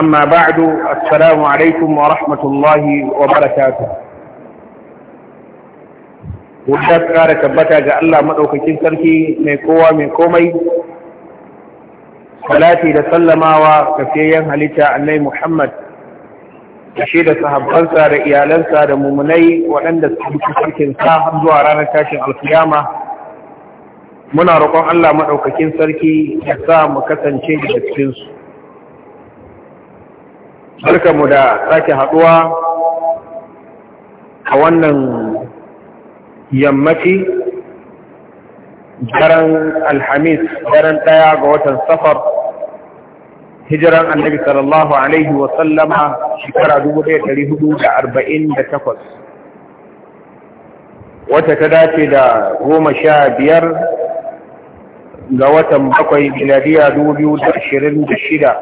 أما بعد السلام عليكم ورحمة الله وبركاته وجدت قارة تبتا جاء الله مدعوك كنسركي من قوة من قومي salati da sallamawa kafiyayyen halitta annai Muhammad ashe da sahabbansa da iyalansa da mumunai waɗanda su fi sarkin sa zuwa ranar tashin alkiyama muna rokon Allah maɗaukakin sarki ya sa mu kasance da cikinsu barkamu da sake haduwa a wannan yammaci daren alhamis daren daya ga watan safar hijiran annabi sallallahu alaihi wasallama shekara 1448 wata ta dace da goma sha biyar ga watan bakwai miladiya 2026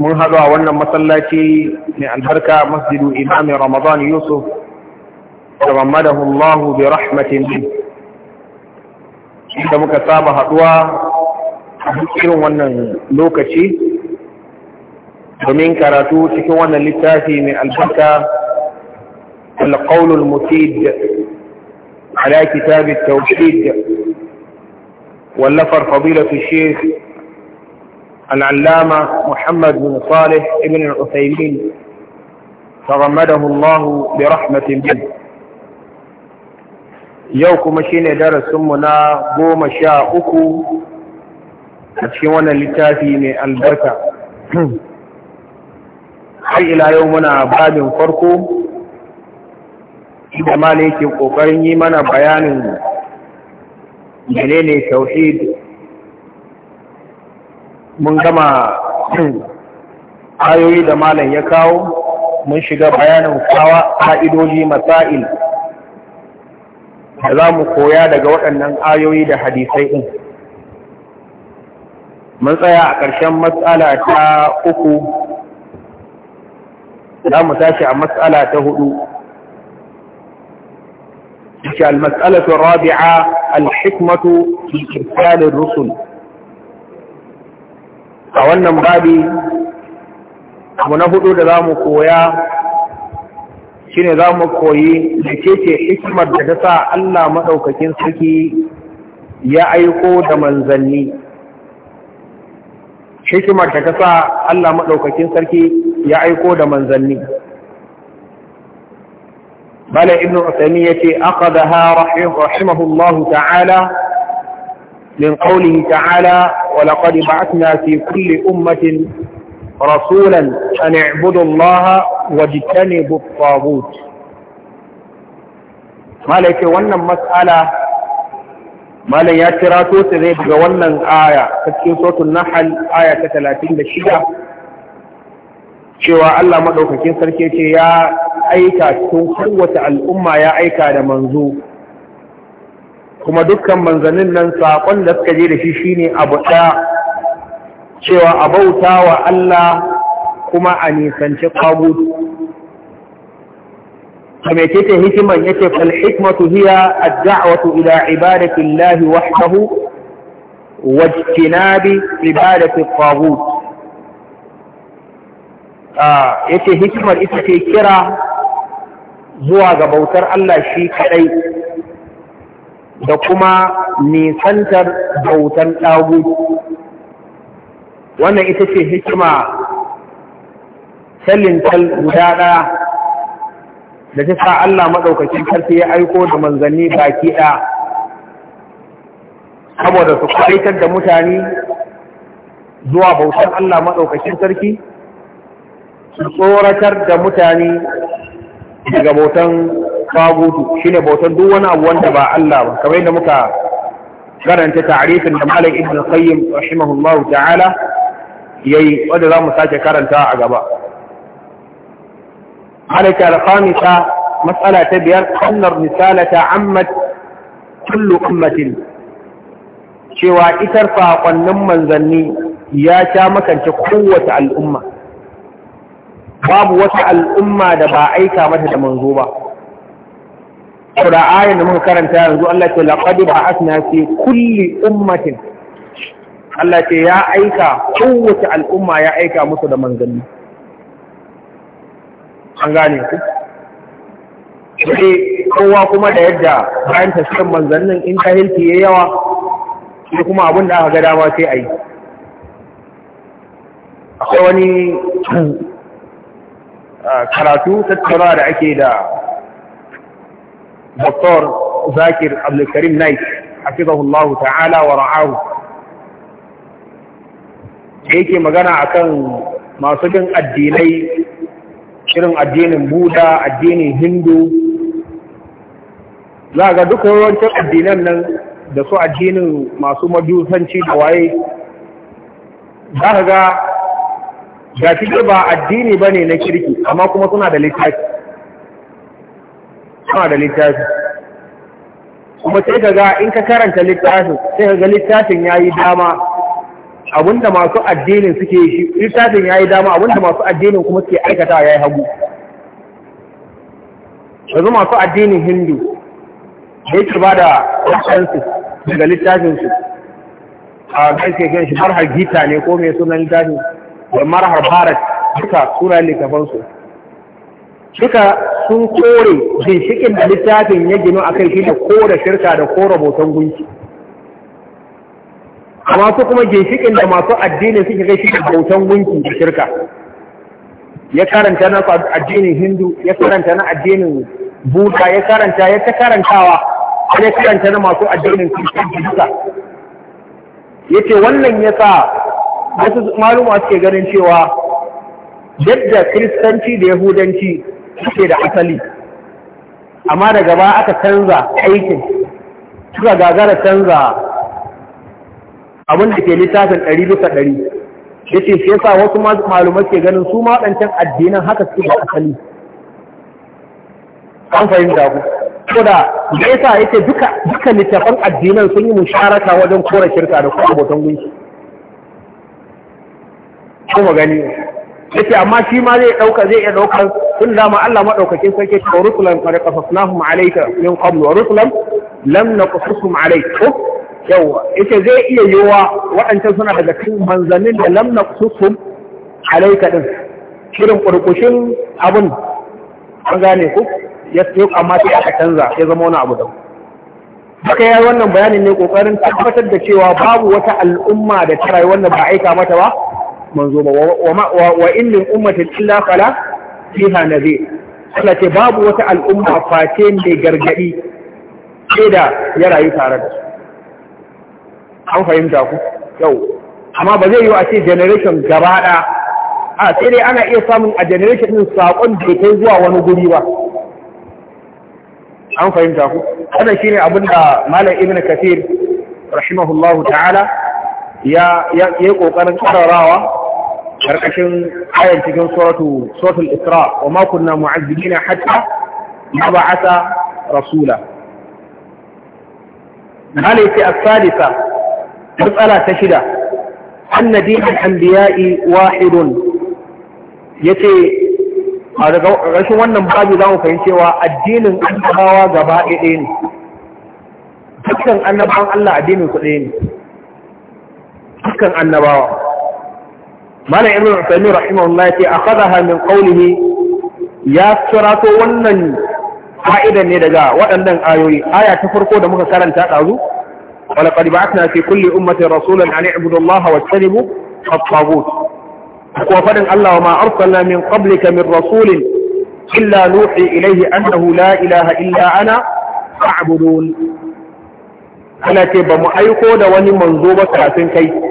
mun haɗu a wannan masallaci mai albarka masjidu imamin ramadan yusuf da mamadahu allahu bi rahmatin shi da muka saba haɗuwa a irin wannan lokaci domin karatu cikin wannan littafi mai albarka القول المفيد على كتاب التوحيد واللفر فضيلة الشيخ العلامة محمد بن صالح ابن العثيمين تغمده الله برحمة منه يوكم شين درس منا قوم شاء أكو أتشوانا لتافي من البركة حي إلى يومنا بعد فرقو إذا ما ليك وقرني من بيان menene tauhid mun gama ayoyi da malam ya kawo mun shiga bayanin kawa ka'idoji masail da za mu koya daga waɗannan ayoyi da hadisai ɗin mun tsaya a ƙarshen matsala ta uku za mu tashi a matsala ta hudu تلك المسألة الرابعة الحكمة في إرسال الرسل a wannan babi abu na hudu da za mu koya shi ne za mu koyi da ke ce hikimar da ta sa Allah maɗaukakin sarki ya aiko da manzanni hikimar da ta sa Allah maɗaukakin sarki ya aiko da manzanni bala ibn usaymi yace aqadaha rahimahullahu ta'ala min qawlihi ta'ala ولقد بعثنا في كل أمة رسولا أن اعبدوا الله واجتنبوا الطابوت مالك ونن مسألة مالك ياتراتو تذيب ونن آية تذكين صوت النحل آية تتلاتين بشيئة شواء الله مدعوك كنسر كيتي يا أيكا تنخوة الأمة يا أيكا لمنزوك kuma dukkan manzannin nan saƙon da suka je da shi shine abu ɗaya cewa a bauta wa Allah kuma a nisanci ƙagutu a mai hikiman yake falhikmatu hiya ad-da'watu ila ibadati Allah wahdahu wa ijtinabi ibadati at-taghut hikimar ita ce kira zuwa ga bautar Allah shi kadai da kuma nisantar bautan ɗagu wannan ita ce hikima talintal guda ɗaya da ta sa Allah maɗaukacin karfi ya aiko da manzanni baki ɗaya saboda su kwaitar da mutane zuwa bautan Allah maɗaukacin sarki su tsoratar da mutane daga bautan tagutu shine bautar duk wani abu wanda ba Allah ba kamar yadda muka karanta ta'arifin da Malam Ibn Qayyim rahimahullahu ta'ala yayi wanda za mu sake karanta a gaba halaka al-khamisa mas'ala ta biyar anna risalata ammat kullu ummatin cewa itar faƙonnin manzanni ya sha makance kowace al'umma babu wata al'umma da ba aika mata da manzo ba da ayin da muka karanta yanzu Allah ce a suna ce kulli ummatin Allah ce ya aika kowace al'umma ya aika musu da manzanni an gane ku sai kowa kuma da yadda bayan tashirin manzannin in tahilci ya yawa shi kuma abin da aka ga dama sai a yi akwai wani ah, karatu tattara da ake da Dr. Zakir Abdulkarim Naik hafizahullahu ta'ala wa ra'ahu yake magana akan masu bin addinai shirin addinin Buda, addinin Hindu za ga duk yawancin addinan nan da su addinin masu majusanci da waye za ka ga ga ba addini ba ne na kirki amma kuma suna da littafi sama da littafi kuma sai ka ga in ka karanta littafin sai ka ga littafin ya yi dama abinda masu addinin suke shi littafin ya yi dama abinda masu addinin kuma suke aikata ya yi hagu yanzu masu addinin hindu da yake ba da ɗansu daga littafinsu a gaske gan shi marhar gita ne ko mai sunan littafin da marhar barat duka sura littafansu duka sun kore ginshikin da littafin ya gino a kai shi da kore shirka da kore boton gunki amma su kuma ginshikin da masu addinin suke kai shi da boton gunki da shirka ya karanta na addinin hindu ya karanta na addinin buda ya karanta ya ta karantawa ya karanta na masu addinin kristiyan duka ya ce wannan ya sa wasu maluma suke ganin cewa yadda kiristanci da yahudanci suke da asali amma daga ba aka canza aikin suka gagara canza abin da ke littafin ɗari bisa ɗari ya ce shi yasa wasu malumar ke ganin su ma waɗancan addinan haka suke da asali an fahimta ku ko da yasa yake duka duka littafin addinan sun yi musharaka wajen kora shirka da kuma abotan gunki kuma gani yace amma shi ma zai ɗauka zai iya daukar tun dama Allah maɗaukakin sarki ka rusulan qad qasasnahum alayka min qabl wa rusulan lam naqsusum alayka yawa yace zai iya yiwa waɗancan suna daga cikin manzannin da lam naqsusum alayka din shirin kurkushin abun an gane ku ya tsaye amma sai aka canza ya zama wani abu da haka ya wannan bayanin ne kokarin tabbatar da cewa babu wata al'umma da ta rayu wannan ba aika mata ba manzo ba wa in min ummatin illa khala fiha nabi Allah ce babu wata al'umma face mai gargadi sai da ya rayu tare da su an fahimta ku yau amma ba zai yi a ce generation gaba da a sai dai ana iya samun a generation din sakon da kai zuwa wani guri ba an fahimta ku wannan shine abin da malam ibn kathir rahimahullahu ta'ala ya ya kokarin karawa karkashin ayan cikin suratu suratul isra wa ma kunna mu'azzibina hatta nab'atha rasula hali ce as-salisa matsala ta shida anna dinul anbiya'i wahidun yace a daga rashin wannan babu zamu mu fahimcewa addinin annabawa gaba ɗaya ne dukkan annabawan Allah addinin su ɗaya ne dukkan annabawa malam ibn al ya ce a akhadaha min qawlihi ya kirato wannan fa'idan ne daga waɗannan ayoyi aya ta farko da muka karanta dazu wala qad ba'athna fi kulli ummatin rasulan an i'budu allaha wastanibu at-taghut ko fadin allah ma arsalna min qablika min rasulin illa nuhi ilayhi annahu la ilaha illa ana fa'budun ana ce ba mu aiko da wani manzo ba kafin kai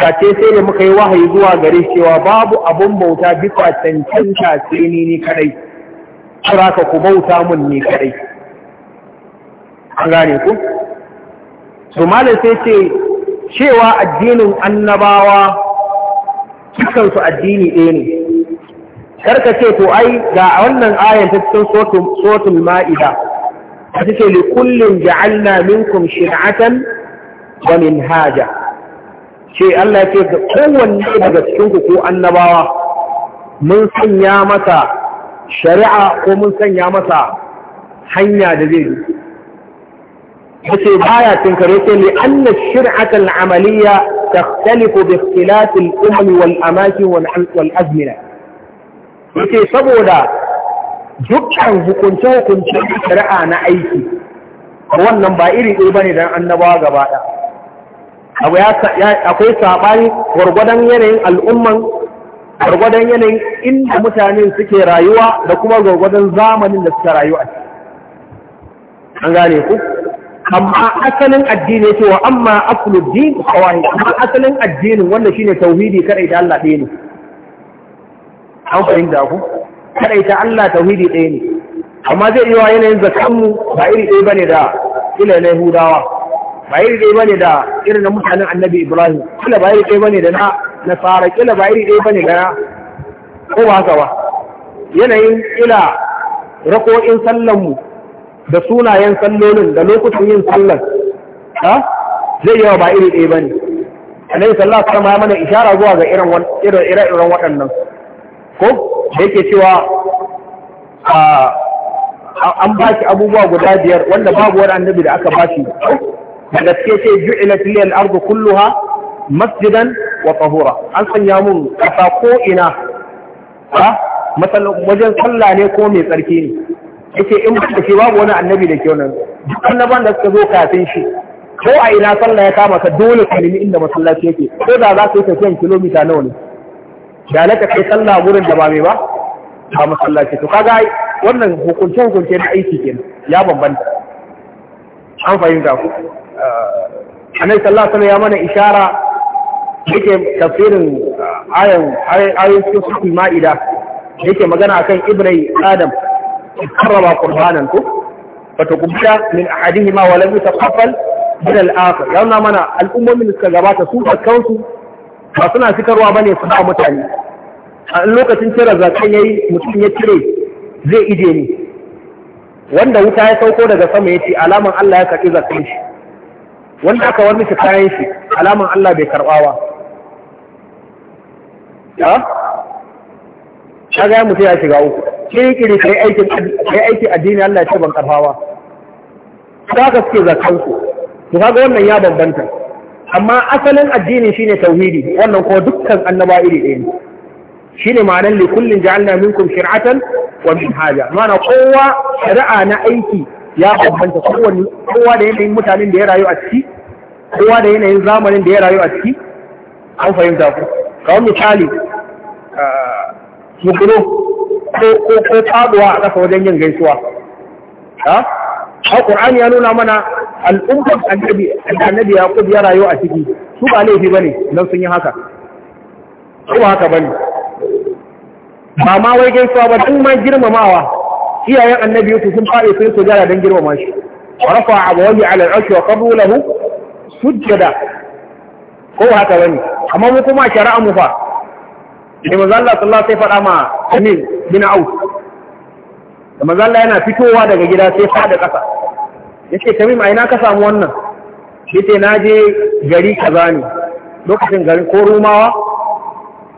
face sai da muka yi wahayi zuwa gare cewa babu abun bauta bisa cancanta sai ni ni kadai kira ka ku bauta mun ni kadai an gane ku sai ce cewa addinin annabawa cikinsu addini ɗaya ne karka ce to ai ga wannan ayan ta cikin sotun ma'ida ta cikin likullin ja'alna minkum shir'atan wa haja ce Allah ce ga kowanne daga ku ko annabawa mun sanya masa shari'a ko mun sanya masa hanya da zai yace baya tinkare ce li anna shir'at al-amaliyya takhtalifu bi ikhtilaf al-umm wal amakin wal azmina yace saboda dukkan hukunce hukunce shari'a na aiki wannan ba iri ɗaya bane dan annabawa gaba ɗaya akwai saɓani gwargwadon yanayin al'umman gwargwadon yanayin inda mutane suke rayuwa da kuma gwargwadon zamanin da suka rayuwa an gane ku amma asalin addini cewa amma afluddin kawai amma asalin addinin wanda shine tauhidi kadai da Allah ɗaya ne an fahimta ku kadai ta Allah tauhidi ɗaya ne amma zai yi wa yanayin mu ba iri ɗaya bane da ilalai na ba iri ɗaya bane da irin na mutanen annabi ibrahim kila ba iri ɗaya bane da na tsara kila ba iri ɗaya bane da ko ba haka ba yanayin kila rako'in sallanmu da sunayen sallolin da lokutan yin sallan ha zai yawa ba iri ɗaya bane annabi sallallahu alaihi wasallam ya mana ishara zuwa ga irin irin irin waɗannan ko da yake cewa an ba shi abubuwa guda biyar wanda babu wani annabi da aka ba shi da gaske ce ju'ilat lil ardu kulluha masjidan wa tahura an sanya mun kasa ko ina ba masallan wajen sallah ne ko mai tsarki ne yake in da shi babu wani annabi da ke wannan duk annaban da suka zo kafin shi ko a ina sallah ya kama ka dole ka nemi inda masallaci yake ko da za ka yi tafiyan kilomita nawa ne da na kai sallah gurin da ba mai ba ba masallaci to kaga wannan hukunce hukunce na aiki kenan ya bambanta an fahimta ku nai sallallahu alaihi ya mana ishara yake tafsirin uh, ayan ayoyin cikin sukul ma'ida yake magana akan ibrai adam karrama qur'anan ku fata kubta min ahadihima wa lam yataqaffal min al Ya yana mana al'ummomin suka gabata su da kansu ba suna fitarwa bane su ba mutane a lokacin cire zakai yayi mutum ya cire zai ije ni wanda wuta ya sauko daga sama yace alaman Allah ya karbi zakai shi wanda aka war miki kayan shi alaman Allah bai karbawa ya ka ga mutum ya shiga uku kiri kiri kai aiki addini Allah ya ce ban karbawa ka ka suke zakan ku to kaga wannan ya bambanta amma asalin addini shine tauhidi wannan ko dukkan annaba iri ɗaya ne shine ma'anar li kullin ja'alna minkum shir'atan wa haja. ma'ana kowa shari'a na aiki ya bambanta kowa da yanayin mutanen da ya rayu a ciki kowa da yanayin zamanin da ya rayu a ciki an fahimta ku kawai misali mukuro ko faduwa a ƙasa wajen yin gaisuwa ha alƙur'ani ya nuna mana al'ummar annabi yaqub ya rayu a ciki su ba laifi ba ne don sun yi haka su ba haka ne ba ma wai gaisuwa ba tun ma girmamawa iyayen annabi yake sun faɗi sun sujada don girmama shi wa rafa abawi ala al'ashi wa qabru lahu sujjada ko haka bane amma mu kuma shari'a mu fa ne eh, manzo Allah sallallahu alaihi faɗa ma Amin bin Auf da manzo Allah yana fitowa daga gida sai fada kasa yace Tamim a na ka samu wannan yace na je gari kaza ne lokacin garin ko Rumawa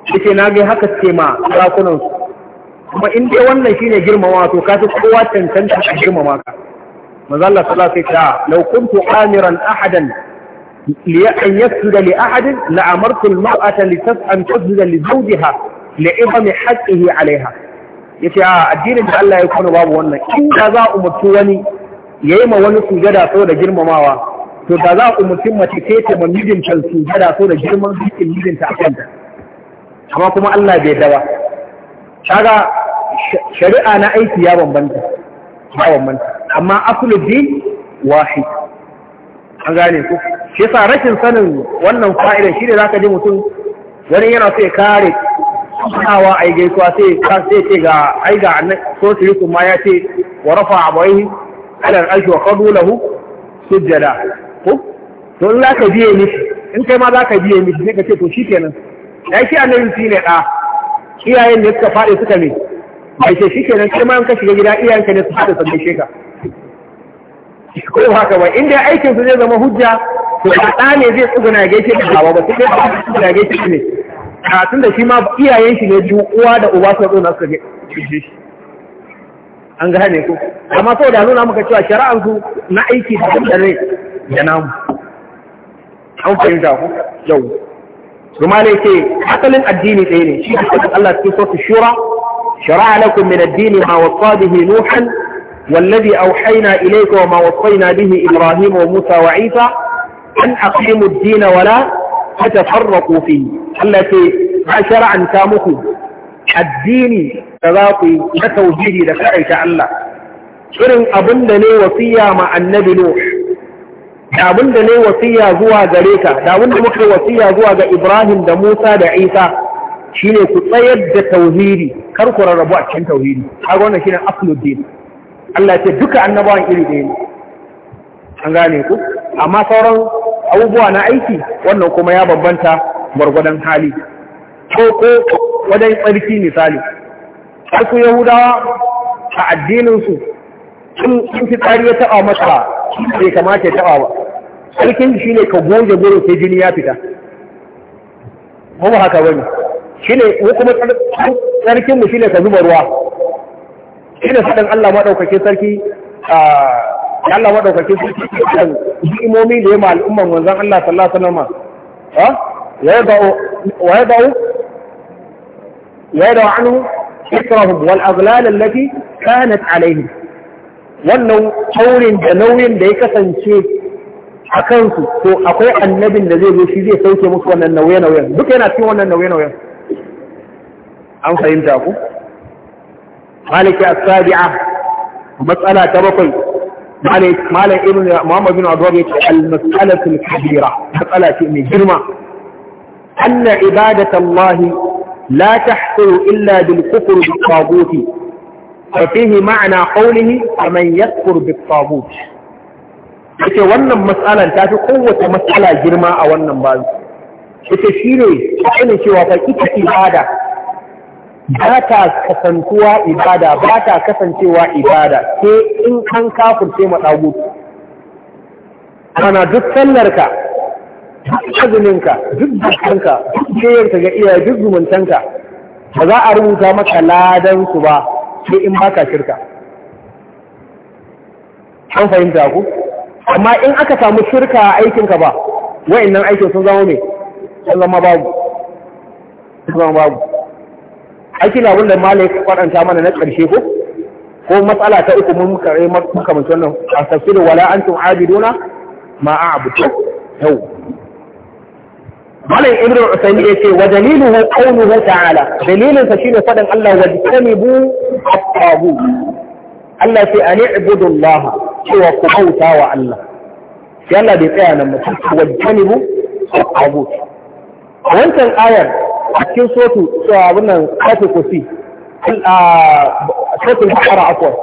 yace na ga haka suke ma sarakunan su kuma in dai wannan shine girmama to ka kowa cancanta a girmama ka manzo Allah sallallahu alaihi wasallam law kuntu amiran ahadan li an yasjuda li ahadin la amartu al mar'ata li tas'an tasjuda li zawjiha li ibami haqqihi alaiha yace a addinin da Allah ya kona babu wannan in da za umurci wani yayi ma wani sujada da girmamawa to da za a umurci mace ce ta ma mijinta sujada da girman mijinta a kanta amma kuma Allah bai dawa kaga shari'a na aiki ya bambanta ya bambanta amma akuluddin wahi an gane ku shi sa rashin sanin wannan fa'idan shi ne za ka ji mutum wani yana so ya kare a ai gaisuwa sai sai ce ga ai ga annan so su kuma ya ce wa rafa abawaihi ala al-arshi wa qadu lahu jada." Ku? to in za ka biye mishi in kai ma za ka biye mishi sai ka ce to shikenan ya shi annabi shi ne da iyayen da suka faɗi suka ne bai ce shi kenan sai ma an ka shiga gida iyayenka ne su haɗa sabbin sheka ko haka ba inda aikin su zai zama hujja to ɗa ne zai tsuguna gaishe da hawa ba sai dai tsuguna gaishe ne a tun da shi ma iyayen shi ne biyu uwa da uba su zauna su gaishe shi an gane ko amma sau da nuna muka cewa shari'ar su na aiki da dandare da namu an fahimta ku yau kuma ne ce asalin addini ɗaya ne shi da Allah cikin sosu shura شرع لكم من الدين ما وصى به نوحا والذي أوحينا إليك وما وصينا به إبراهيم وموسى وعيسى أن أقيموا الدين ولا تتفرقوا فيه التي ما شرعا كامكم الدين تلاقي وتوجيه لكعيك الله irin abin لي وصية مع النبي نوح Nuh لي وصية هو ذلك wasiya لي gare ka إبراهيم abin da Shi ne ku tsayar da tauhiri, kar ku rarrabu a cikin tauhiri. tauhidi kaga shi ne Aflodin. Allah ce duka annabawan iri ɗaya ne an gane ku amma sauran abubuwa na aiki wannan kuma ya bambanta gwargwadon hali ko ko wajen tsarki misali har yahudawa a addininsu sun fi tsari ya taɓa masa ne kamata ya taɓa ba tsarkin shi ne ka goge gurin sai jini ya fita mu haka bane Shi ne, kuma sarkin mu ne ka zuba ruwa Shi ne faɗin Allah madaukakin sarki Allah madaukakin sarki kan imomi da ya ma al'umman manzon Allah sallallahu alaihi wasallam ha ya yadau wa yadau ya yadau anhu ikrahum wal aghlal allati kanat alaihim wannan taurin da nauyin da ya kasance a kansu to akwai annabin da zai zo shi zai sauke musu wannan nauye-nauyen duk yana cikin wannan nauye-nauyen an fahimta ku maliki as-sabi'a matsala ta bakwai malam ibn muhammad bin abdullah yace al-mas'alatu al-kabira matsala ce mai girma anna ibadatu allah la tahsulu illa bil kufr bi taguti fa fihi ma'na qawlihi faman yakfur bi yace wannan matsalar ta fi kowace matsala girma a wannan bazu ita shine ne cewa fa ita ibada ba ta kasantuwa ibada ba ta kasancewa ibada sai in an kafurce maɗagu ana duk sallarka duk azuminka duk dukkanka duk shayarka ga iya duk zumuntanka ba za a rubuta maka ladansu ba sai in ba ka shirka an fahimta ku amma in aka samu shirka a aikinka ba nan aikin sun zama mai sun zama babu sun zama babu aikin abin da mala ya kwaranta mana na ƙarshe ko ko matsala ta uku mun kare muka mun nan? a tafsirin wala an tun antum abiduna ma a'budu yau malam ibnu ya ce, wa daliluhu qawluhu ta'ala dalilin sa shine fadan Allah wa tanibu at abu. Allah sai an ibudu Allah cewa ku bauta wa Allah sai Allah bai tsaya nan mutum wa tanibu at-tabu wancan ayar a cikin sotu cewa wannan kafe kofi sotu ba'ara akwai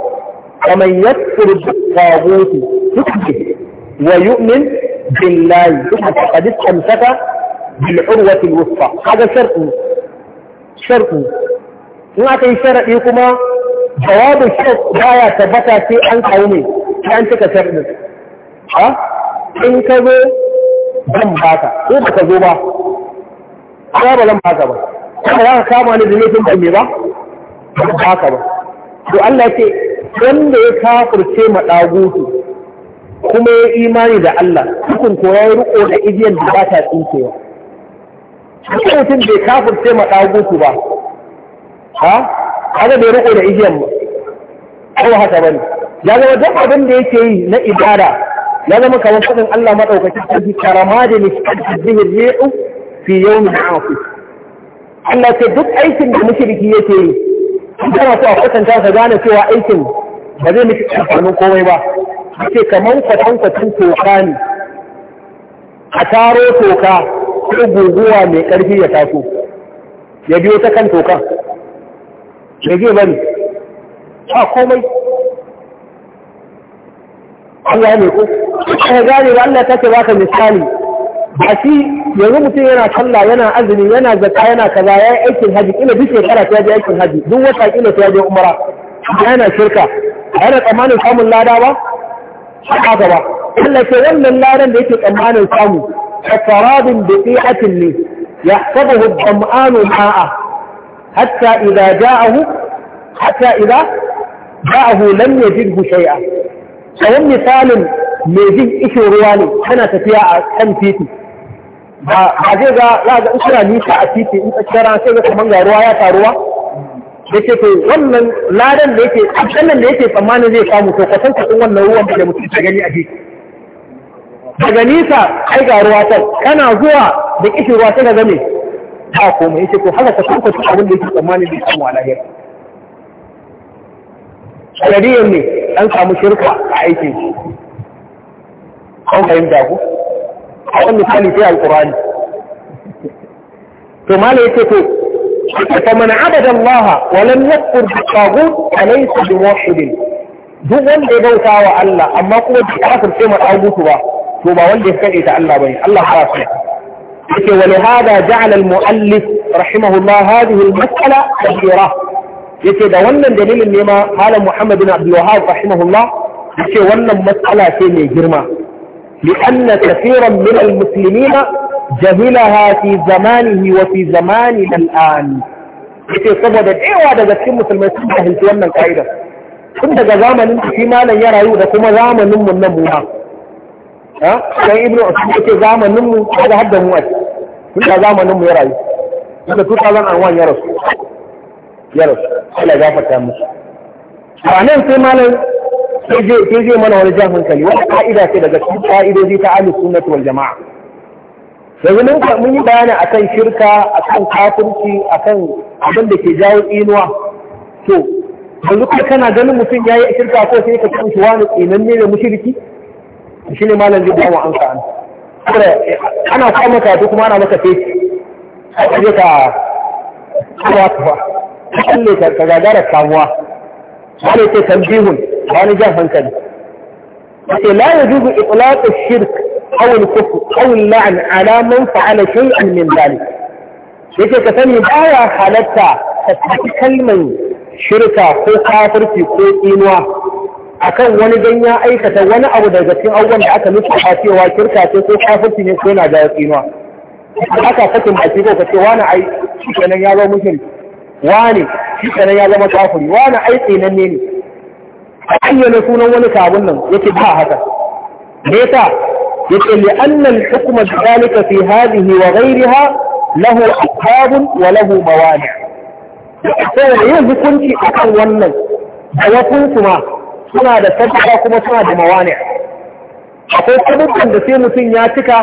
kamar yadda kwagotu suke wa yu'min billahi duka faɗi tamsaka bil'urwa tilwufa kaga sharɗi sharɗi in aka yi sharaɗi kuma jawabin sharaɗi baya tabbata ce an kawo ne sai an cika sharɗin in ka zo zan baka ko baka zo ba ba ba zan baka ba kuma za ka kama ni da laifin ban me ba baka ba to Allah ce wanda ya kafurce ma dagutu kuma ya imani da Allah hukun ko ya riko da igiyan da ba ta tsinkewa kuma mutum bai kafirce ma dagutu ba ha kaga bai riko da igiyan ba ko haka bane ya zama duk abin da yake yi na ibada ya zama kamar faɗin Allah maɗaukacin sarki karama da niskantar zihin ri'u fi yawmin afi Allah ce duk aikin da mushriki yake yi kana so a kwatanta ka gane cewa aikin ba zai nufi amfanin komai ba ce kaman kwatan toka ne a taro toka ko guguwa mai ƙarfi ya taso ya biyo ta kan tokan da zai bari Ba komai Allah ne ko ka gane ba Allah ta ce ba ka misali ba shi yanzu mutum yana sallah yana azumi yana zakka yana kaza ya yi aikin haji ina duk shekara ta je aikin haji duk wata ina ta je umara yana shirka yana tsammanin samun lada ba haka ba Allah sai wannan ladan da yake tsammanin samu kafaradin da qiyatin ne yahsabuhu ad-dam'anu ma'a hatta idza ja'ahu hatta idza ja'ahu lam yajidhu shay'a kawan misalin mai jin ishin ruwa ne tana tafiya a kan titi ba zai ga za ga usura nisa a titi in tsakiyar rana sai ga kaman ga ruwa ya taruwa da ke to wannan ladan da yake abdannan da yake tsammanin zai samu to kwasan kwasan wannan ruwan da mutum ta gani a titi daga nisa ai ga ruwa ta kana zuwa da kishin ruwa sai ga zame? ba komai yace to haka kwasan kwasan abin da yake tsammanin zai samu a lahira sanadiyan ne an samu shirka a aikin shi an fahimta ku a wani misali sai alƙur'ani to mala yake to faman abada Allah wa lam yakfur bi tagut alaysa bi muwahhidin duk wanda ya bauta wa Allah amma kuma bai sai ma tagutu ba to ba wanda ya kade ta Allah bane Allah ba shi yake wa lihada ja'ala al-mu'allif rahimahullah hadhihi al-mas'ala kabira yake da wannan dalilin ne ma malam Muhammad bin Abdul Wahhab rahimahullah yake wannan mas'ala ce mai girma لأن كثيرا من المسلمين جهلها في زمانه وفي زماننا الآن yake saboda ɗewa daga cikin musulmai sun fahimci wannan ka'ida tun daga zamanin shi malam ya rayu da kuma zamanin mu nan muna ha sai ibnu usman yake zamanin mu da hadda mu tun da zamanin mu ya rayu tun da 2001 ya rasu ya rasu Allah ya gafarta musu ranan sai malam sai zai mana wani jan hankali wani ka'ida ce daga cikin ka'idoji ta ahlus sunnati wal jama'a yanzu mun mun yi bayani akan shirka akan kafirci akan abin da ke jawo inuwa to yanzu kuma kana ganin mutum yayi shirka ko sai ka tsanci wani tsinan ne da mushriki shine malam zai dawo an sa'an ana kawo maka to kuma ana maka fesi ka je ka kawo ka kalle ka gagara kamuwa wani ce tambihun Wani jan hankali sai la yajuzu itlaq ash-shirk aw al-kufr aw al-la'n ala man fa'ala shay'an min dhalik yake ka sani ba ya halatta ka tafi kalman shirka ko kafirci ko inuwa akan wani dan ya aikata wani abu daga cikin abubuwan da aka nufi a cewa shirka ce ko kafirci ne ko yana da inuwa aka sakin baki ko kace wani ai kenan ya zama wani shi kenan ya zama kafiri wani ai tsinan ne ne a ayyana sunan wani sabon nan yake ba haka me yasa yake li anna al-hukma bi zalika fi hadhihi wa ghayriha lahu aqab wa lahu mawani sai yin hukunci akan wannan da wasu kuma suna da sabba kuma suna da mawani akwai sabubban da sai mutum ya cika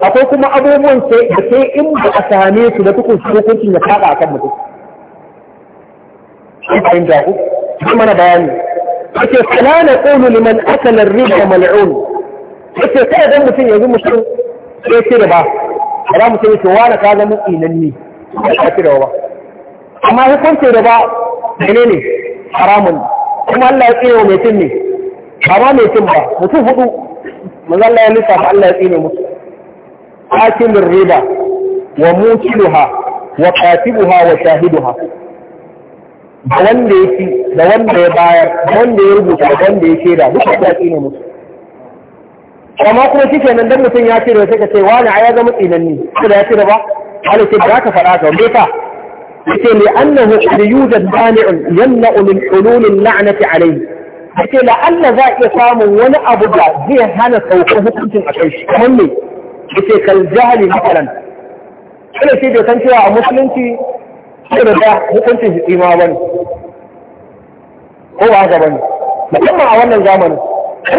akwai kuma abubuwan sai da sai in ba a same su da tukun hukuncin ya faɗa akan mutum. yin fahimta ku, mana bayani. yake fala na qulu liman akala ar-riba mal'un yake sai dan mutum yanzu mutum sai shi riba ba mutum ya ce wa na kaza ka zama ni? ba shi riba ba amma hukuncin riba menene haramun kuma Allah ya tsine mai mutum ne ba mai cin ba mutum hudu manzo Allah ya lissafa Allah ya tsine musu akilur riba wa mutiluha wa katibuha wa shahiduha da wanda ya ci da wanda ya bayar da wanda ya rubuta da wanda ya shaida duka ta tsine musu amma kuma shi kenan dan mutum ya cire sai ka ce wani a ya zama tsinanni ko da ya cire ba Allah ce ba ka faɗa ka wanda fa yace li annahu qad yujad mani'un yamna'u min hulul al-la'nati alayhi yace la Allah za iya samun wani abu da zai hana saukar hukuncin a kai shi kamar me yace kal jahli misalan kana shi bai san cewa a musulunci sai da hukuncin shi tsima bane ko ba haka bane musamman a wannan zamanin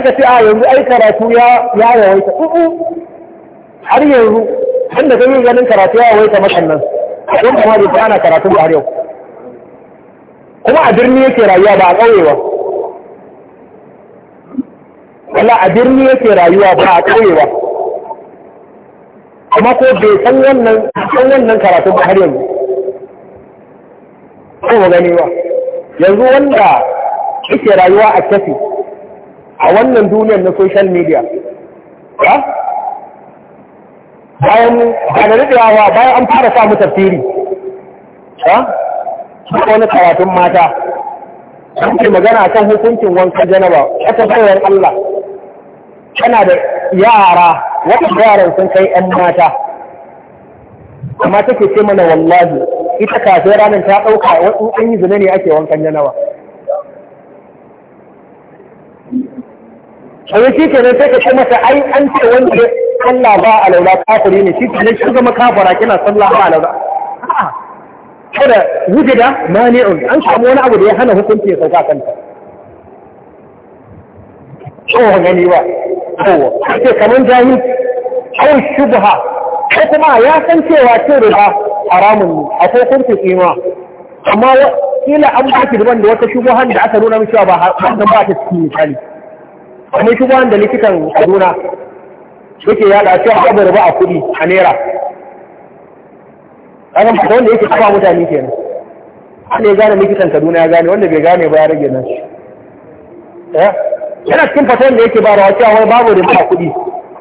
ka ce a yanzu ai karatu ya ya yawaita uku har yanzu da kai ganin karatu ya yawaita a don kuma da ana karatu ba har yau kuma a birni yake rayuwa ba a ba, wala a birni yake rayuwa ba a ba. amma ko bai san wannan san wannan karatu ba har yanzu ko gani ba yanzu wanda ake rayuwa a kafi a wannan duniyar na social media ba bayan da bayan an fara samu tafsiri ba wani karatun mata an ke magana kan hukuncin wanka, janaba wata sauran Allah tana da yara wata yaran sun kai 'yan mata amma take ce mana wallahi ita kafin ranar ta ɗauka wasu an yi zina ne ake wankan janawa wani shi ke sai ka ce masa ai an ce wanda Allah ba a laula kafiri ne shi ke shi zama kafara kina sallah ba a laula kada wujida mani'un an samu wani abu da ya hana hukunci ya sauka kanta tsohon gani ba tsohon ake kamar jahil au shubha ko kuma ya san cewa cin riba haramun ne akwai hukunci kima amma kila an ba ki da wata shubhan da aka nuna mishi ba ba ba ta cikin misali kamar shi da likitan kaduna yake yada a cewa abu ba a kuɗi a naira kasan fata wanda yake kafa mutane kenan wanda ya gane likitan kaduna ya gane wanda bai gane ba ya rage nan eh? yana cikin fata da yake barawa cewa wani babu riba a kuɗi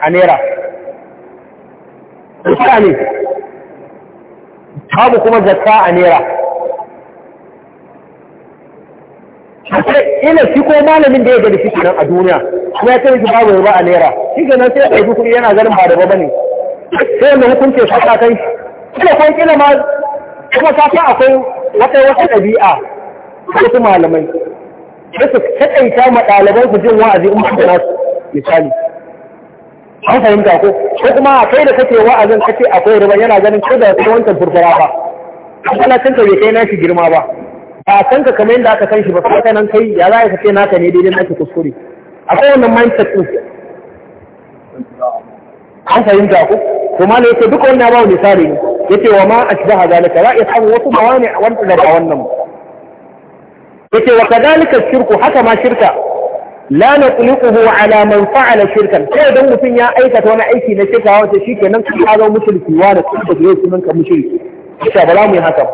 a naira ne babu kuma zakka a naira ina shi ko malamin da ya gani shi kenan a duniya kuma ya taimaki babu ruwa a naira shi kenan sai ya ɗauki kuɗi yana ganin ba da ba bane sai wanda hukunce ya saka kai ina ko ina ma kuma saka akwai wata wata ɗabi'a wasu malamai sai su taƙaita ma ɗalibai su jin wa'azi in su da misali an fahimta ko ko kuma a kai da kake wa'azin kake akwai ruwa yana ganin kai da wancan furfura ba kana kanka bai kai nashi girma ba A san ka kamar yadda aka san shi ba sai ka nan kai ya za ka ce naka ne daidai nake kuskure akwai wannan mindset din an fahimta ku kuma ne yake duka wannan bawo misali ne yace wa ma ashbaha zalika za ya samu wasu mawani a wannan da ba wannan yace wa kadalika shirku haka ma shirka la naqliquhu ala man fa'ala shirkan sai dan mutun ya aikata wani aiki na shirka wata shikenan ka zo mushriki wa da kuma da yake sunan ka mushriki ba za mu yi haka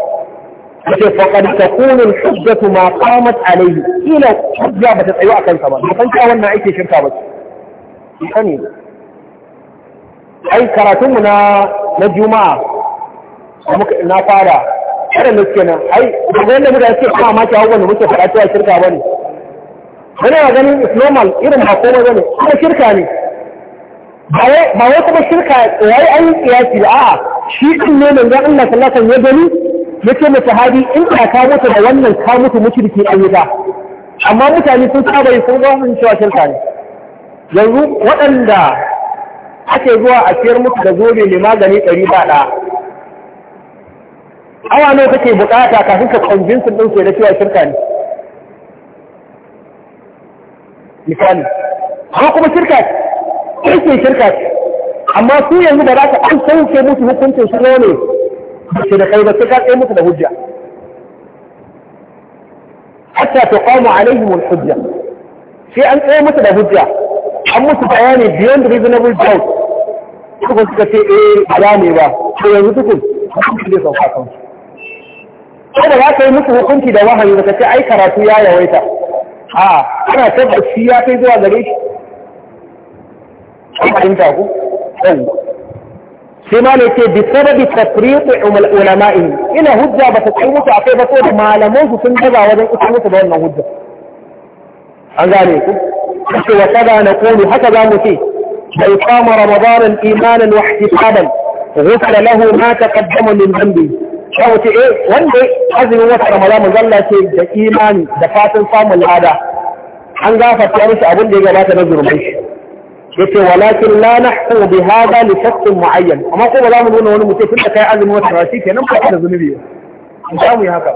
yace faqad takunu al-hujjatu ma qamat alayhi ila hujja ta tsayo akan sa ba ba san cewa wannan aike shirka ba ki sani ai karatun mu na na juma'a na fara kada ne kenan ai daga yanda muka ce kuma ma cewa wannan muke fara cewa shirka bane muna ganin is normal irin ba komai bane kuma shirka ne ba wai kuma shirka yayi an yi kiyasi ba a'a shi din ne manzon Allah sallallahu alaihi wasallam ya gani ya ce mace sahabi in ka ka mutu da wannan ka mutu mushriki a yi amma mutane sun saba sun ga mun cewa shirka ne yanzu waɗanda ake zuwa a siyar mutu da zobe mai magani ɗari ba ɗaya awa nawa kake bukata kafin ka convince din ke da cewa shirka ne misali amma kuma shirka ce shirka ce amma su yanzu da za ka an sauke musu hukuncin su ne ba da kai ba sai ka tsaye musu da hujja hatta tuqamu alaihim al-hujja sai an tsaye musu da hujja an musu bayani beyond reasonable doubt kuma suka ce eh ala ne ba to yanzu tukun hukunci zai sauka kan su da za ka yi musu hukunci da wahayi da kace ai karatu ya yawaita a ana tabbaci ya kai zuwa gare shi an fahimta ku yau في مالك بسبب تفريط علمائه إلى هجة بتتحيوه تعطيه بطول ما لموه في الجبع وذي اتحيوه بأنه هجة أغانيكم وكذا نقول هكذا نتيه بإقام رمضان إيمانا واحتفابا غفر له ما تقدم من ذنبه شاوت إيه واندي عزم وفر رمضان مظلة إيمان دفاة صام العادة عن غافة يا رشي أبو نظر بيش yace walakin la nahku bi hada li shakhs muayyan amma ko ba za mu nuna wani mutum tunda kai azumi wata rashi kenan ba da zunubi ba za mu yi haka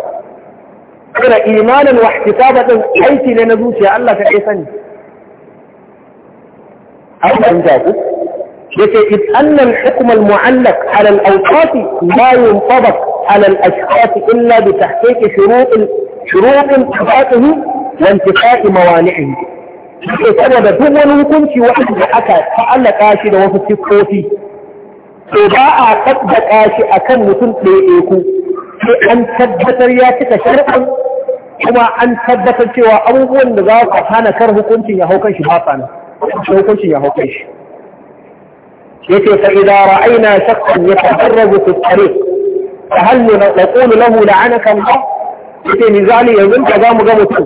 kana imanan wa ihtisabatan aiki ne na zuciya Allah ka kai sani an fahimta ku yace id anna al hukm al mu'allaq ala al awqat la yuntabaq ala al ashkhas illa bi tahqiq shurut shurut tabatihi wa intifa'i mawani'ihi Ke saboda duk wani hukunci wanda aka ta'allaka shi da wasu siffofi, to ba a tabbata shi a kan mutum ɗaya ku, sai an tabbatar ya cika sharɗan kuma an tabbatar cewa abubuwan da za su hana kar hukuncin ya haukan shi ba tsana, hukuncin ya haukan shi. يتي فإذا رأينا شخصا يتدرج في الطريق فهل نقول له لعنك الله يتي za mu ga mutum.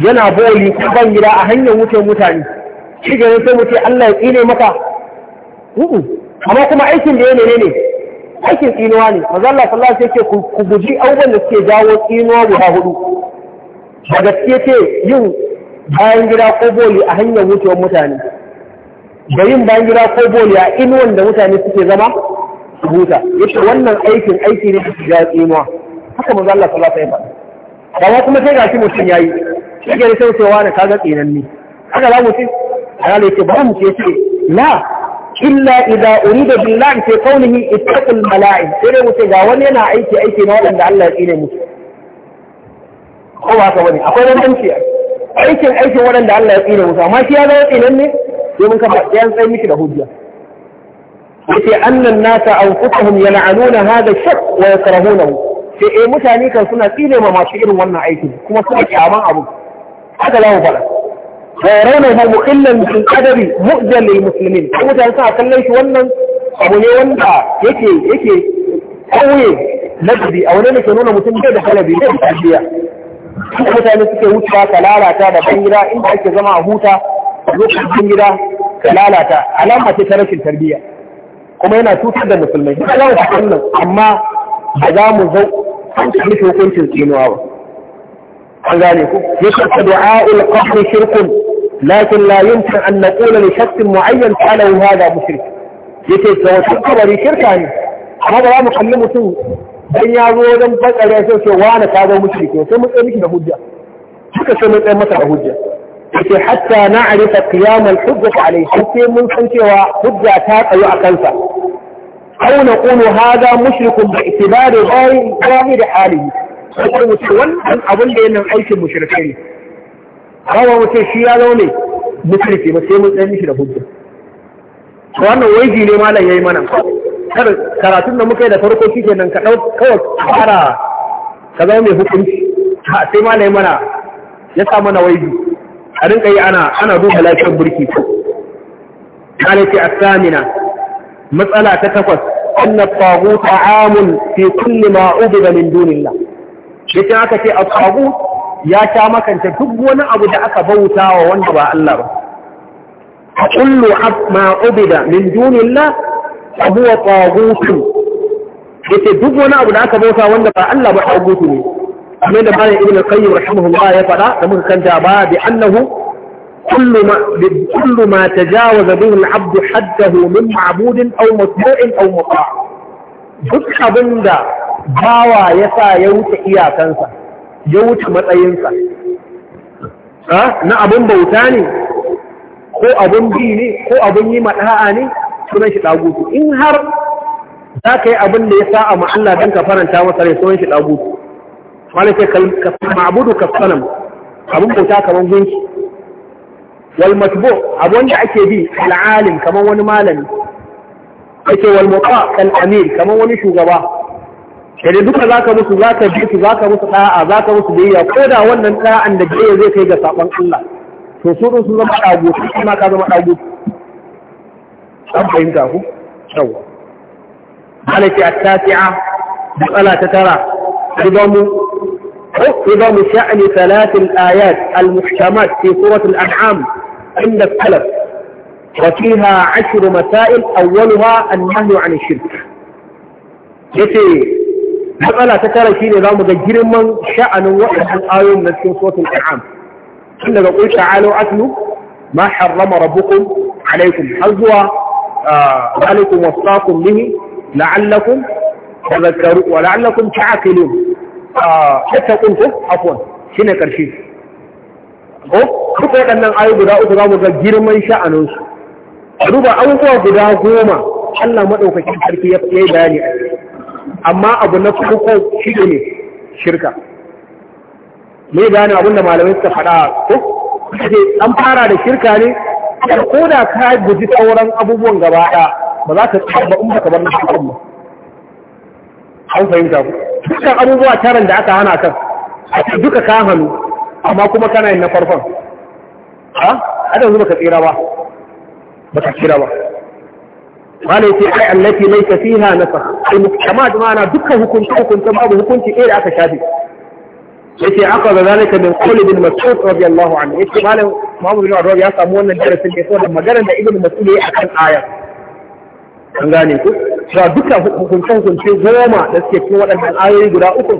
yana boli ko ban gida a hanyar wuce mutane shi ganin sai mu ce Allah ya tsine maka uku amma kuma aikin da ya ne ne aikin tsinuwa ne maza Allah sallallahu alaihi wasallam ku guji abubuwan da suke jawo tsinuwa guda hudu da gaske ce yin bayan gida ko boli a hanyar wucewar mutane da yin bayan gida ko boli a inuwan da mutane suke zama su huta yace wannan aikin aiki ne da jawo tsinuwa haka maza Allah sallallahu alaihi wasallam kuma sai gashi mutum yayi shi gari sai cewa da kaga tsinanni haka za mu ce halal yake ba mu ce ce la illa idza urida billahi fi qawlihi ittaqul mala'ik sai mu ce ga wani yana aiki aiki na wanda Allah ya tsine musu ko ba ka wani akwai bambanci aikin aikin wanda Allah ya tsine musu amma shi ya zama tsinan ne sai mun kafa Sai an tsayi miki da hujja yace annan nasa anfusuhum yal'anuna hadha shak wa yakrahunahu sai eh mutane kan suna tsine ma masu irin wannan aikin kuma suna kyaman abu haka za mu faɗa ويرونه مخلا بالقدر مؤذى musulmin. kuma da sa kallon shi wannan abu ne wanda yake yake kauye ladabi a wani ke nuna mutum bai da kalabi bai da tafiya mutane suke wucewa ka lalata da ban gida inda ake zama a huta lokacin gida ka lalata alama ce ta rashin tarbiyya kuma yana cutar da musulmai duk alama ta wannan amma ba za mu zo an nufi hukuncin tsinuwa ba ذلك يشرك دعاء القهر شرك لكن لا يمكن أن نقول لشخص معين كانوا هذا مشرك يشرك لو شرك ولي شرك هذا يعني، لا مخلمه سوء بين يعظوه ذنب يا شيخ شوانك هذا مشرك يسمى إليك بهجة شكا سمى إليك مثلا هجة يشرك حتى نعرف قيام الحجة عليه شكا من خنشه هجة أتاك أو أقلفة أو نقول هذا مشرك باعتبار غير حاله sai wuce wannan abin da yanar aikin mushrike ne rawa mu ce shi ya zaune mushrike ba sai mun tsaye mishi da hujja to wannan waiji ne malam yayi mana karatun da muka yi da farko shi nan ka dau kawai fara ka zama mai hukunci ha sai malam yayi mana ya sa mana waiji a rinka yi ana ana duba lafiyar burki ko asamina matsala ta takwas أن الطاغوت عام في كل ما عبد من دون الله Yace aka ce a tsagu ya ta makanta duk wani abu da aka bauta wa wanda ba Allah ba. A kullu ma ubida min dunillah fa huwa tsagutu. Yace duk wani abu da aka bauta wanda ba Allah ba tsagutu ne. Kamar da Malam Ibn Qayyim rahimahullah ya faɗa da muka kanta ba bi annahu كل ما كل ما تجاوز به العبد حده من معبود او مطموع او مطاع duk abin da bawa ya sa ya wuce iyakansa ya wuce matsayinsa na abin bauta ne ko abin bi ne ko abin yi maɗa'a ne sunan shi ɗagutu in har za ka yi abin da ya sa a ma'alla don ka faranta masa rai sunan shi ɗagutu wani sai ma'abudu ka sanam abin bauta kamar gunki wal matbu abu wanda ake bi al'alim kamar wani malami ake wal muqa kal amir kamar wani shugaba yadda duka za ka musu za ka bi su za ka musu ɗa'a za ka musu biyayya ko da wannan ɗa'an da biyayya zai kai ga saɓon Allah to su ɗin sun zama ɗagutu kuma ka zama ɗagutu an fahimta ku yawa malaki a tafi'a matsala ta tara ribamu ribamu sha'ani talatin ayat al-muhkamat fi suratul an'am inda salaf masail عشر مسائل أولها النهي عن shirk yace matsala ta tara shine za mu ga girman sha'anin waɗannan ayoyin na cikin sotun an'am tun daga ƙul wa atlu ma harrama rabbukum alaikum har zuwa zalikum ah, wasaqum bihi la'allakum tadhakkaru wa la'allakum ta'qilun tattaqun ah, ku afwan shine karshe ko duka waɗannan ayoyi guda uku za mu ga girman sha'anin su duba abubuwa guda goma Allah madaukakin sarki ya yi bayani a amma abu na farko shi ne shirka me gane abin da malamai suka faɗa ko kace an fara da shirka ne ko da ka guji sauran abubuwan gaba ɗaya ba za ka tsaba in baka bar na kuma ba an fahimta ku dukkan abubuwa taron da aka hana kan a duka ka hannu amma kuma kana yin na farkon a adan zuba ka tsira ba ba ka tsira ba wala ce ai allati laysa fiha nafakh al muhkamat mana dukkan hukunci hukunci babu hukunci ɗaya da aka shafe yace aka da zalika min qawli bin mas'ud radiyallahu anhu yace malam Muhammad bin Abdullah ya samu wannan darasin da saboda maganar da ibnu mas'ud ya akan aya an gane ku da dukkan hukunci hukunci goma da suke cikin waɗannan ayoyi guda uku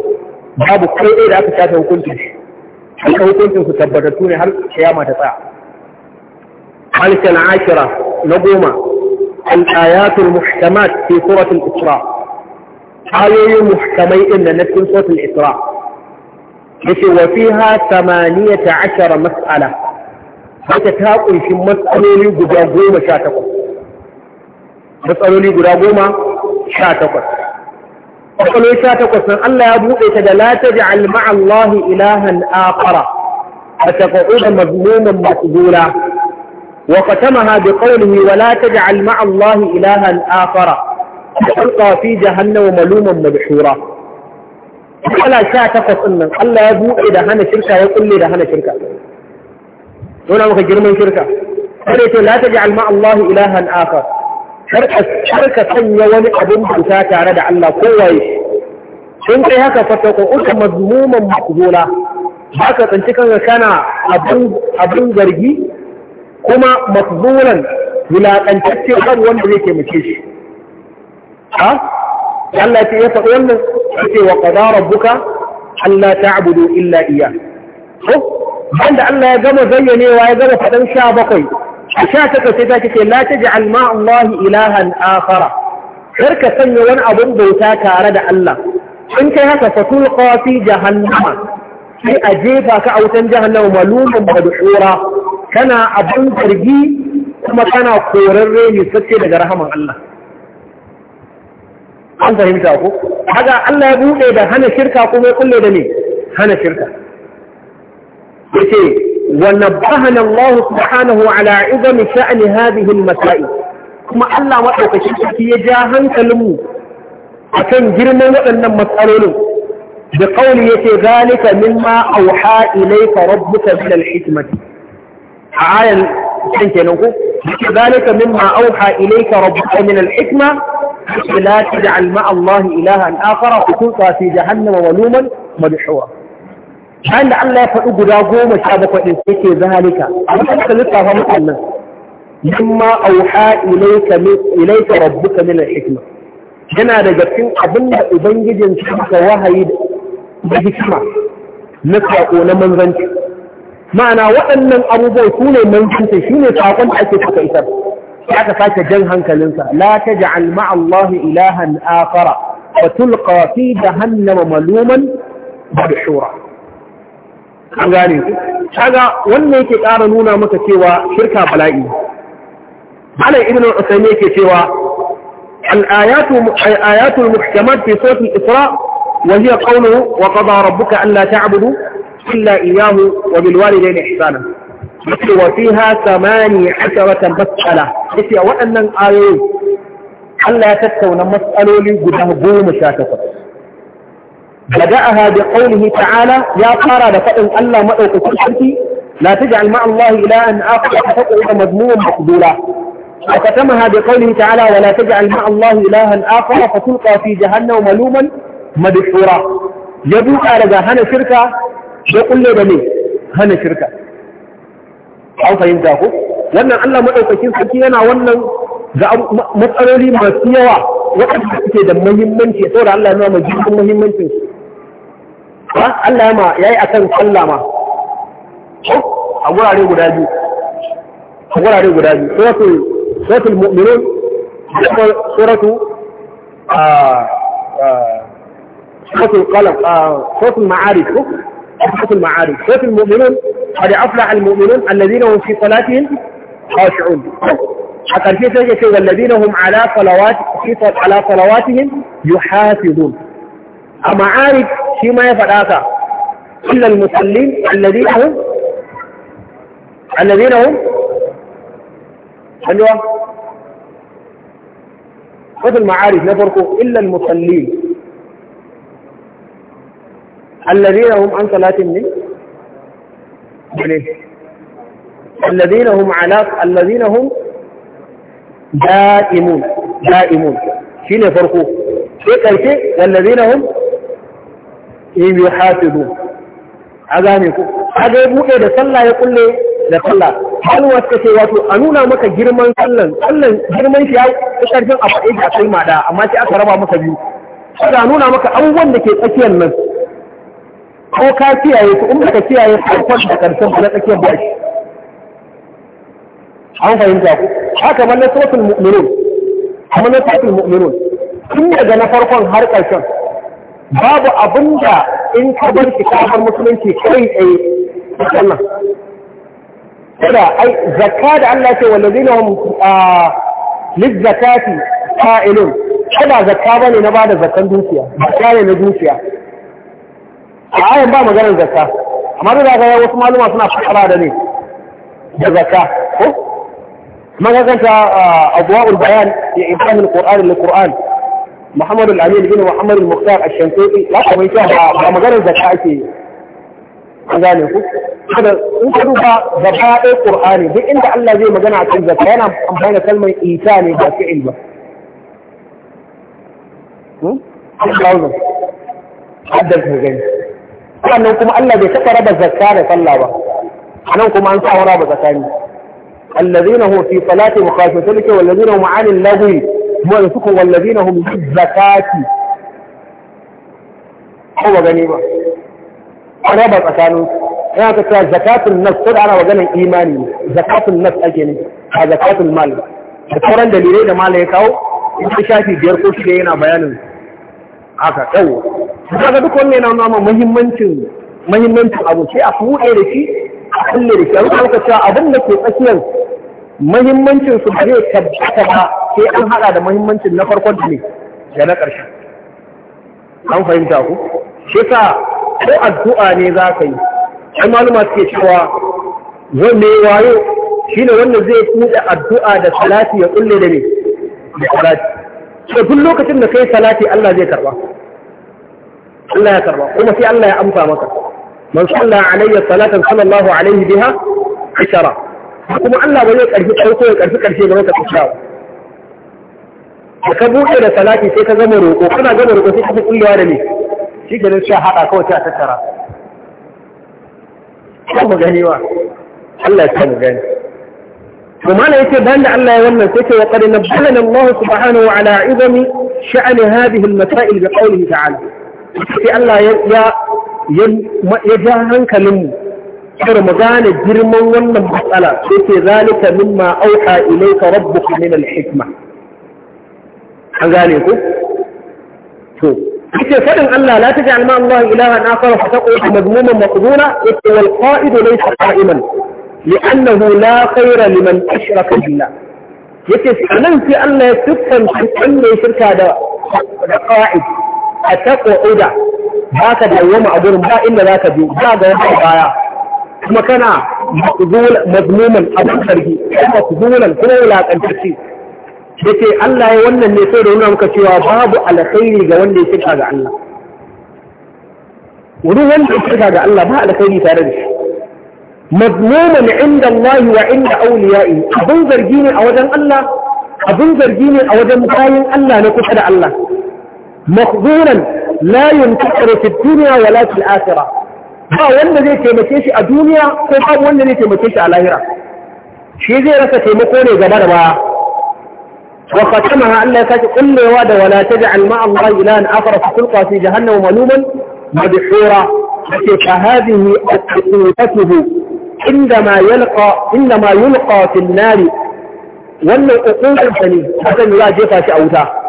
babu kai ɗaya da aka shafe hukuncin duka hukuncin su tabbatattu ne har kiyama ta tsaya. Alkan ashira na goma الآيات المحكمات في سورة الإسراء آيه محكمي إن نفس سورة الإسراء يتي وفيها ثمانية عشر مسألة فتتاقل في مسألة قدا شاتقل مسألة قدا شاتقل مسألولي شاتقل الله يبوء لا تجعل مع الله إلها آخر فتقعود مظلوما مقبولا وختمها بقوله ولا تجعل مع الله إلها آخر تلقى في جهنم ملوما مدحورا ولا شاء تقصنا الله يبو إذا هنا شركة يقول لي إذا هنا شركة هنا مخجر من شركة قلت لا تجعل مع الله إلها آخر شركة يوم أبن بساك على دع الله قوي شنك هكا فتقوك مذموما مقبولا haka tsanci kan kana abin zargi kuma mafzulan wulaƙantacce har wanda zai taimake shi ha Allah ce ya faɗi wannan ce wa qadara rabbuka ta ta'budu illa iya ko banda Allah ya gama zayyanewa ya gama faɗan sha bakwai a sha takwas sai ta ce la taj'al ma Allah ilahan akhara kar ka sanya wani abun bauta tare da Allah in kai haka fatulqa fi jahannama sai a jefa ka a wutan jahannama malumin madhura kana abin zargi kuma kana korarre ne sace daga rahaman Allah an fahimta ku? haka Allah ya buɗe da hana shirka kuma ya kulle da ne hana shirka yace wa nabahana Allah subhanahu ala idam sha'ani hadhihi al-masail kuma Allah madaukakin sarki ya ja hankalinmu akan girman waɗannan matsalolin بقول يتي ذلك مما أوحى إليك ربك من الحكمة a ayan can kenan ku zalika mimma auha ilayka rabbuka min al-hikma la taj'al ma'a Allah ilahan akhara fa tulqa fi jahannama waluman madhura bayan da Allah ya faɗi guda goma sha bakwai ɗin sai ke zalika a cikin littafin mutanen mimma auha ilayka ilayka rabbuka min al-hikma yana daga cikin abin da ubangijin ka wahayi da hikima na sako na manzanci ma'ana waɗannan abubuwan su ne mancinsa shi ne saƙon da ake suka isar sai aka sake jan hankalinsa la ta ja'al ma'allahi ilahan akara wa tulqa fi da jahannama maluman ba madhura an gane kaga wannan yake ƙara nuna maka cewa shirka bala'i malam ibnu usaymi yake cewa al-ayatu al-ayatu al-muhkamat fi sura isra wa hiya qawluhu wa qada rabbuka alla ta'budu إلا إياه وبالوالدين إحسانا وفيها ثماني عشرة مسألة إتي وأن آيوه ألا مسألة مسألولي قدام شاكفة بدأها بقوله تعالى يا قارى لفئن ألا مأوك كل لا تجعل مع الله إلى أن آخر فتقعد مضمون مقبولا وختمها بقوله تعالى ولا تجعل مع الله إلها آخر فتلقى في جهنم ملوما مدحورا يبوك على جهنم شركة ya kulle da ne hana shirka an fahimta ko wannan Allah madaukakin sarki yana wannan ga matsaloli masu yawa waɗanda suke da muhimmanci saboda Allah ya nuna mai jikin muhimmancin su ba Allah ya ma yayi akan sallah ma a gurare guda biyu a gurare guda biyu suratul suratul mu'minun ah, ah, suratul ah, suratul qalam suratul ma'arif صفحة المعارف وفي المؤمنون قد أفلح المؤمنون الذين هم في صلاتهم خاشعون حتى في سجة والذين هم على صلوات على صلواتهم يحافظون المعارف فيما يفعلها إلا المصلين الذين هم الذين هم أيوه وفي المعارف نفرقوا إلا المصلين allazina hum an salatin ne ne allazina hum ala allazina hum da'imun da'imun shine farko sai karshe wallazina hum in yuhafidun a gane ku kaga ya buɗe da sallah ya kulle da sallah halwa suka ce wato a nuna maka girman sallan sallan girman ya fi a faɗe da kai mada amma sai aka raba maka biyu kaga a nuna maka abubuwan da ke tsakiyar nan ko ka kiyaye ku, in ka kiyaye farkon da karshen na tsakiyar ba an fahimta ku haka man nasratul mu'minun amma nasratul mu'minun tun daga na farkon har karshen babu abin da in ka bar kitabar musulunci kai tsaye sannan kada ai zakka da Allah ce wallazina hum lizzakati fa'ilun kada zakka bane na bada zakkan dukiya zakka ne na dukiya a ayan ba maganar zakka amma da za wasu maluma suna fara da ne da zakka ko kuma ka kanta abuwa'ul ah, bayan ya ibrahim al-qur'an al-qur'an muhammad al-amin bin muhammad al-muqtar ash-shankiti la ka mai cewa ba maganar zakka ake an gane ku kada in ka duba gaba ɗaya qur'ani duk inda Allah zai magana a kan zakka yana amfani da kalmar ita ne ba fi'il ba Allah hmm? ne haddar ka gani sannan kuma Allah bai taɓa raba zakka da sallah ba anan kuma an sa raba zakani allazina hum fi salati mukhashitun wallazina hum 'anil lagwi mu'rifun wallazina hum zakati ko ba gani ba raba tsakanin yana ta cewa zakatun nas ko da ana maganar imani ne zakatun nas ake ne a zakatun mal da sauran dalilai da mala ya kawo in ta shafi biyar ko shida yana bayanin haka yau kaga duk wannan yana nuna muhimmancin muhimmancin abu sai a fuɗe da shi a kulle da shi a rubuta cewa abin da ke tsakiyar muhimmancin su ba zai tabbata ba sai an haɗa da muhimmancin na farkon ne da na ƙarshen an fahimta ku shi sa ko addu'a ne za ka yi ai maluma suke cewa wanne wayo shine wanda zai kuɗe addu'a da salati ya kulle da ne da salati sai duk lokacin da kai salati Allah zai karba Allah ya karba kuma sai Allah ya amsa maka man salla alayya salatan sallallahu alaihi biha ashara kuma Allah ba zai karfi farko ya karfi karshe da maka tsaya da ka buɗe da salati sai ka gama roƙo kana gama roƙo sai ka fi kullewa da ni shi ke nan sai haɗa kawai sai a tattara kan mu gani wa Allah ya mu gani to mana yace bayan da Allah ya wannan sai ce wa qad nabbalana Allah subhanahu wa ala izami sha'ani hadhihi al-masail bi qawlihi ta'ala sai Allah ya ja hankalinmu kar mu gane girman wannan matsala sai ce zalika mimma auha ilayka rabbuka min al-hikma an gane ku to yace fadin Allah la taj'al ma Allah ilahan akhar fa taqul madmuman maqdura yace wal qa'id laysa qa'iman li'annahu la khayra liman ashraka billah yace sanan sai Allah ya tuffanta wanda ya shirka da da qa'id a ta ƙo'uda ba ka dawoma a gurin ba inda za ka bi ba ga wata baya kuma kana mazmuman abin sarki kuma zulan kuma wulaƙantacci da ke Allah ya wannan ne sai da nuna muka cewa babu alkhairi ga wanda ya shirka ga Allah Wani wanda ya shirka ga Allah ba alkhairi tare da shi mazmuman inda Allah wa inda auliya'i abin zargi ne a wajen Allah abin zargi ne a wajen bayan Allah na kusa da Allah makhzuran la yuntasir fi dunya wala fil akhirah ba wanda zai taimake shi a duniya ko babu wanda zai taimake shi a lahira shi zai rasa taimako ne gaba da baya wa khatamaha Allah ya saki kullewa da wala taj'al ma'a Allah ilahan akhar fa tulqa fi jahannam maluman madhura yace fa hadhihi aqidatuhu indama yalqa indama yulqa fil nar wannan uqulun sani hakan ya jefa shi a wuta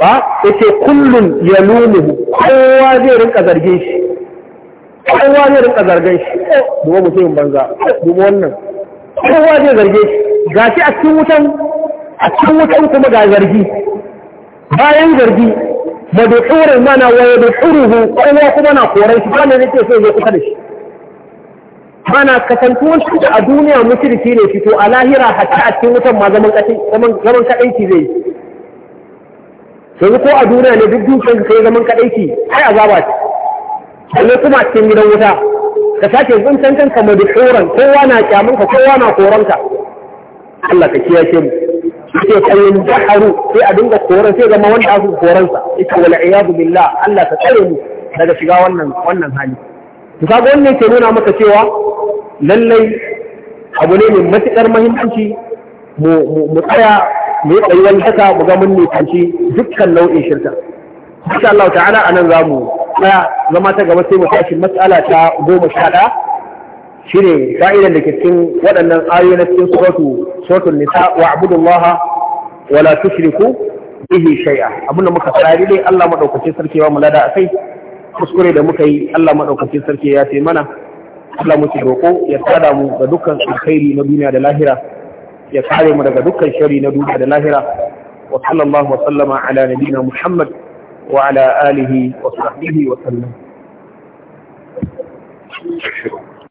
ba kullum kullun yalumuhu kowa zai rinka zargin shi kowa zai rinka zargin shi duba mutumin banza duba wannan kowa zai zarge shi shi a cikin wutan a cikin wutan kuma ga zargi bayan zargi madhurin mana da yadhuruhu kowa kuma na koran shi ba ne nake so zai kusa da shi mana kasantuwar shi a duniya mushriki ne shi to a lahira hatta a cikin wutan ma zaman kadai zaman kadai zai yi yanzu ko a duniya ne duk dukiyar ka yi zaman kadaici ai azaba ce sannan kuma cikin gidan wuta ka sake tsintan kanka mai dukuran kowa na kyamun ka kowa na koranka Allah ka kiyaye mu yake kayan jaharu sai a dinga koran sai zama wanda aka koransa ita wala iyadu billah Allah ka tsare mu daga shiga wannan wannan hali to kaga wannan ke nuna maka cewa lallai abu ne mai matukar muhimmanci mu tsaya mu yi tsayi wani haka mu ga mun nisanci dukkan nau'in shirka insha Allah ta'ala nan za mu tsaya zama ta gaba sai mu tashi matsala ta goma sha ɗaya shine fa'idan da ke cikin waɗannan ayoyi na cikin suratu suratul nisa wa abudullaha wa la tushriku bihi shay'a abin da muka fara dai Allah madaukakin sarki ya mu lada kai? kuskure da muka yi Allah madaukakin sarki ya ce mana Allah ci roƙo ya tada mu ga dukkan alkhairi na duniya da lahira ya kare mu daga dukkan shari na duniya da lahira wa sallallahu wa sallama ala nabina muhammad wa ala alihi wa sahbihi wa sallam